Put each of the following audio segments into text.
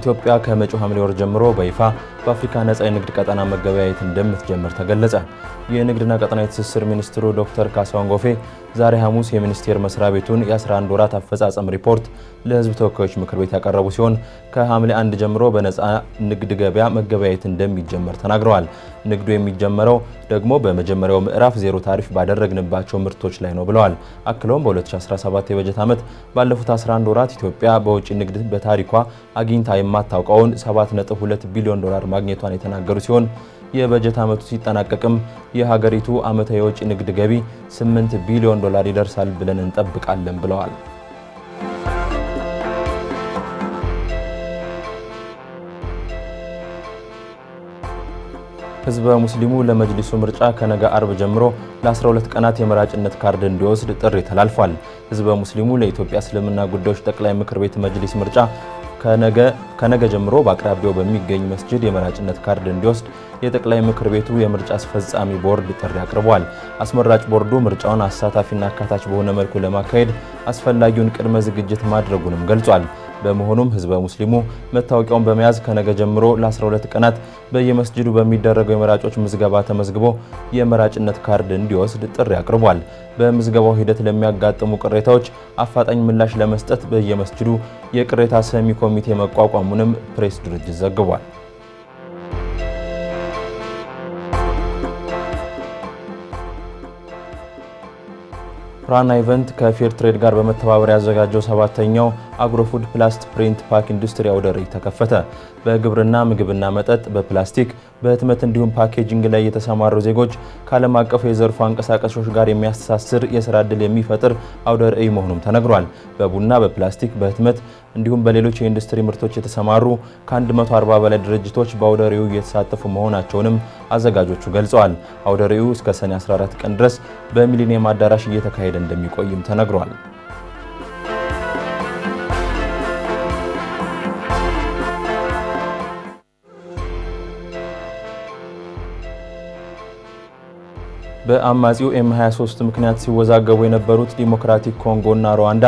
ኢትዮጵያ ከመጪው ሐምሌ ወር ጀምሮ በይፋ በአፍሪካ ነጻ የንግድ ቀጠና መገበያየት እንደምትጀምር ተገለጸ። የንግድና ቀጠና የትስስር ሚኒስትሩ ዶክተር ካሳሁን ጎፌ ዛሬ ሐሙስ የሚኒስቴር መስሪያ ቤቱን የ11 ወራት አፈጻጸም ሪፖርት ለህዝብ ተወካዮች ምክር ቤት ያቀረቡ ሲሆን ከሐምሌ አንድ ጀምሮ በነፃ ንግድ ገበያ መገበያየት እንደሚጀመር ተናግረዋል። ንግዱ የሚጀመረው ደግሞ በመጀመሪያው ምዕራፍ ዜሮ ታሪፍ ባደረግንባቸው ምርቶች ላይ ነው ብለዋል። አክለውም በ2017 የበጀት ዓመት ባለፉት 11 ወራት ኢትዮጵያ በውጭ ንግድ በታሪኳ አግኝታ የማታውቀውን 7.2 ቢሊዮን ዶላር ማግኘቷን የተናገሩ ሲሆን የበጀት ዓመቱ ሲጠናቀቅም የሀገሪቱ ዓመታዊ የውጭ ንግድ ገቢ 8 ቢሊዮን ዶላር ይደርሳል ብለን እንጠብቃለን ብለዋል። ህዝበ ሙስሊሙ ለመጅሊሱ ምርጫ ከነገ አርብ ጀምሮ ለ12 ቀናት የመራጭነት ካርድ እንዲወስድ ጥሪ ተላልፏል። ህዝበ ሙስሊሙ ለኢትዮጵያ እስልምና ጉዳዮች ጠቅላይ ምክር ቤት መጅሊስ ምርጫ ከነገ ጀምሮ በአቅራቢያው በሚገኝ መስጅድ የመራጭነት ካርድ እንዲወስድ የጠቅላይ ምክር ቤቱ የምርጫ አስፈጻሚ ቦርድ ጥሪ አቅርቧል። አስመራጭ ቦርዱ ምርጫውን አሳታፊና አካታች በሆነ መልኩ ለማካሄድ አስፈላጊውን ቅድመ ዝግጅት ማድረጉንም ገልጿል። በመሆኑም ህዝበ ሙስሊሙ መታወቂያውን በመያዝ ከነገ ጀምሮ ለ12 ቀናት በየመስጅዱ በሚደረገው የመራጮች ምዝገባ ተመዝግቦ የመራጭነት ካርድ እንዲወስድ ጥሪ አቅርቧል። በምዝገባው ሂደት ለሚያጋጥሙ ቅሬታዎች አፋጣኝ ምላሽ ለመስጠት በየመስጅዱ የቅሬታ ሰሚ ኮሚ ኮሚቴ መቋቋሙንም ፕሬስ ድርጅት ዘግቧል። ፕራና ኢቨንት ከፌር ትሬድ ጋር በመተባበር ያዘጋጀው ሰባተኛው አግሮፉድ ፕላስት ፕሪንት ፓክ ኢንዱስትሪ አውደ ርዕይ ተከፈተ። በግብርና ምግብና መጠጥ፣ በፕላስቲክ በህትመት እንዲሁም ፓኬጂንግ ላይ የተሰማሩ ዜጎች ከዓለም አቀፍ የዘርፉ አንቀሳቀሶች ጋር የሚያስተሳስር የስራ ዕድል የሚፈጥር አውደ ርዕይ መሆኑም ተነግሯል። በቡና በፕላስቲክ በህትመት እንዲሁም በሌሎች የኢንዱስትሪ ምርቶች የተሰማሩ ከ140 በላይ ድርጅቶች በአውደ ርዕዩ እየተሳተፉ መሆናቸውንም አዘጋጆቹ ገልጸዋል። አውደ ርዕዩ እስከ ሰኔ 14 ቀን ድረስ በሚሊኒየም አዳራሽ እየተካሄደ እንደሚቆይም ተነግሯል። በአማጺው ኤም 23 ምክንያት ሲወዛገቡ የነበሩት ዲሞክራቲክ ኮንጎ እና ሩዋንዳ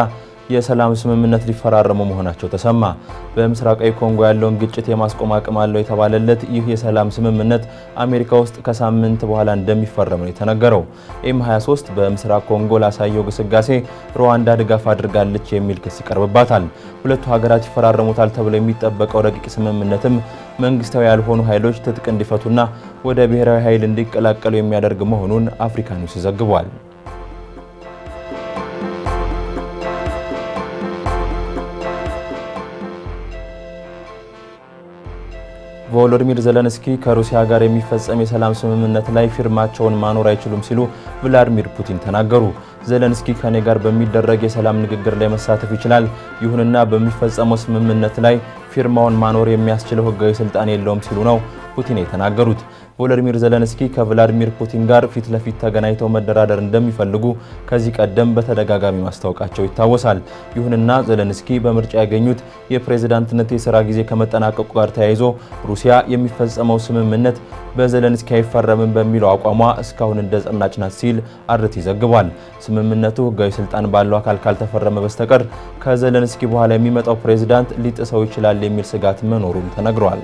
የሰላም ስምምነት ሊፈራረሙ መሆናቸው ተሰማ። በምስራቃዊ ኮንጎ ያለውን ግጭት የማስቆም አቅም አለው የተባለለት ይህ የሰላም ስምምነት አሜሪካ ውስጥ ከሳምንት በኋላ እንደሚፈረም ነው የተነገረው። ኤም 23 በምስራቅ ኮንጎ ላሳየው ግስጋሴ ሩዋንዳ ድጋፍ አድርጋለች የሚል ክስ ይቀርብባታል። ሁለቱ ሀገራት ይፈራረሙታል ተብሎ የሚጠበቀው ረቂቅ ስምምነትም መንግስታዊ ያልሆኑ ኃይሎች ትጥቅ እንዲፈቱና ወደ ብሔራዊ ኃይል እንዲቀላቀሉ የሚያደርግ መሆኑን አፍሪካ ኒውስ ዘግቧል። ቮሎዲሚር ዘለንስኪ ከሩሲያ ጋር የሚፈጸም የሰላም ስምምነት ላይ ፊርማቸውን ማኖር አይችሉም ሲሉ ቭላድሚር ፑቲን ተናገሩ። ዘለንስኪ ከኔ ጋር በሚደረግ የሰላም ንግግር ላይ መሳተፍ ይችላል፣ ይሁንና በሚፈጸመው ስምምነት ላይ ፊርማውን ማኖር የሚያስችለው ሕጋዊ ስልጣን የለውም ሲሉ ነው ፑቲን የተናገሩት። ቮሎዲሚር ዘለንስኪ ከቭላዲሚር ፑቲን ጋር ፊት ለፊት ተገናኝተው መደራደር እንደሚፈልጉ ከዚህ ቀደም በተደጋጋሚ ማስታወቃቸው ይታወሳል። ይሁንና ዘለንስኪ በምርጫ ያገኙት የፕሬዝዳንትነት የሥራ ጊዜ ከመጠናቀቁ ጋር ተያይዞ ሩሲያ የሚፈጸመው ስምምነት በዘለንስኪ አይፈረምም በሚለው አቋሟ እስካሁን እንደ ጸናች ናት ሲል አርቲ ዘግቧል። ስምምነቱ ሕጋዊ ስልጣን ባለው አካል ካልተፈረመ በስተቀር ከዘለንስኪ በኋላ የሚመጣው ፕሬዝዳንት ሊጥሰው ይችላል የሚል ስጋት መኖሩም ተነግሯል።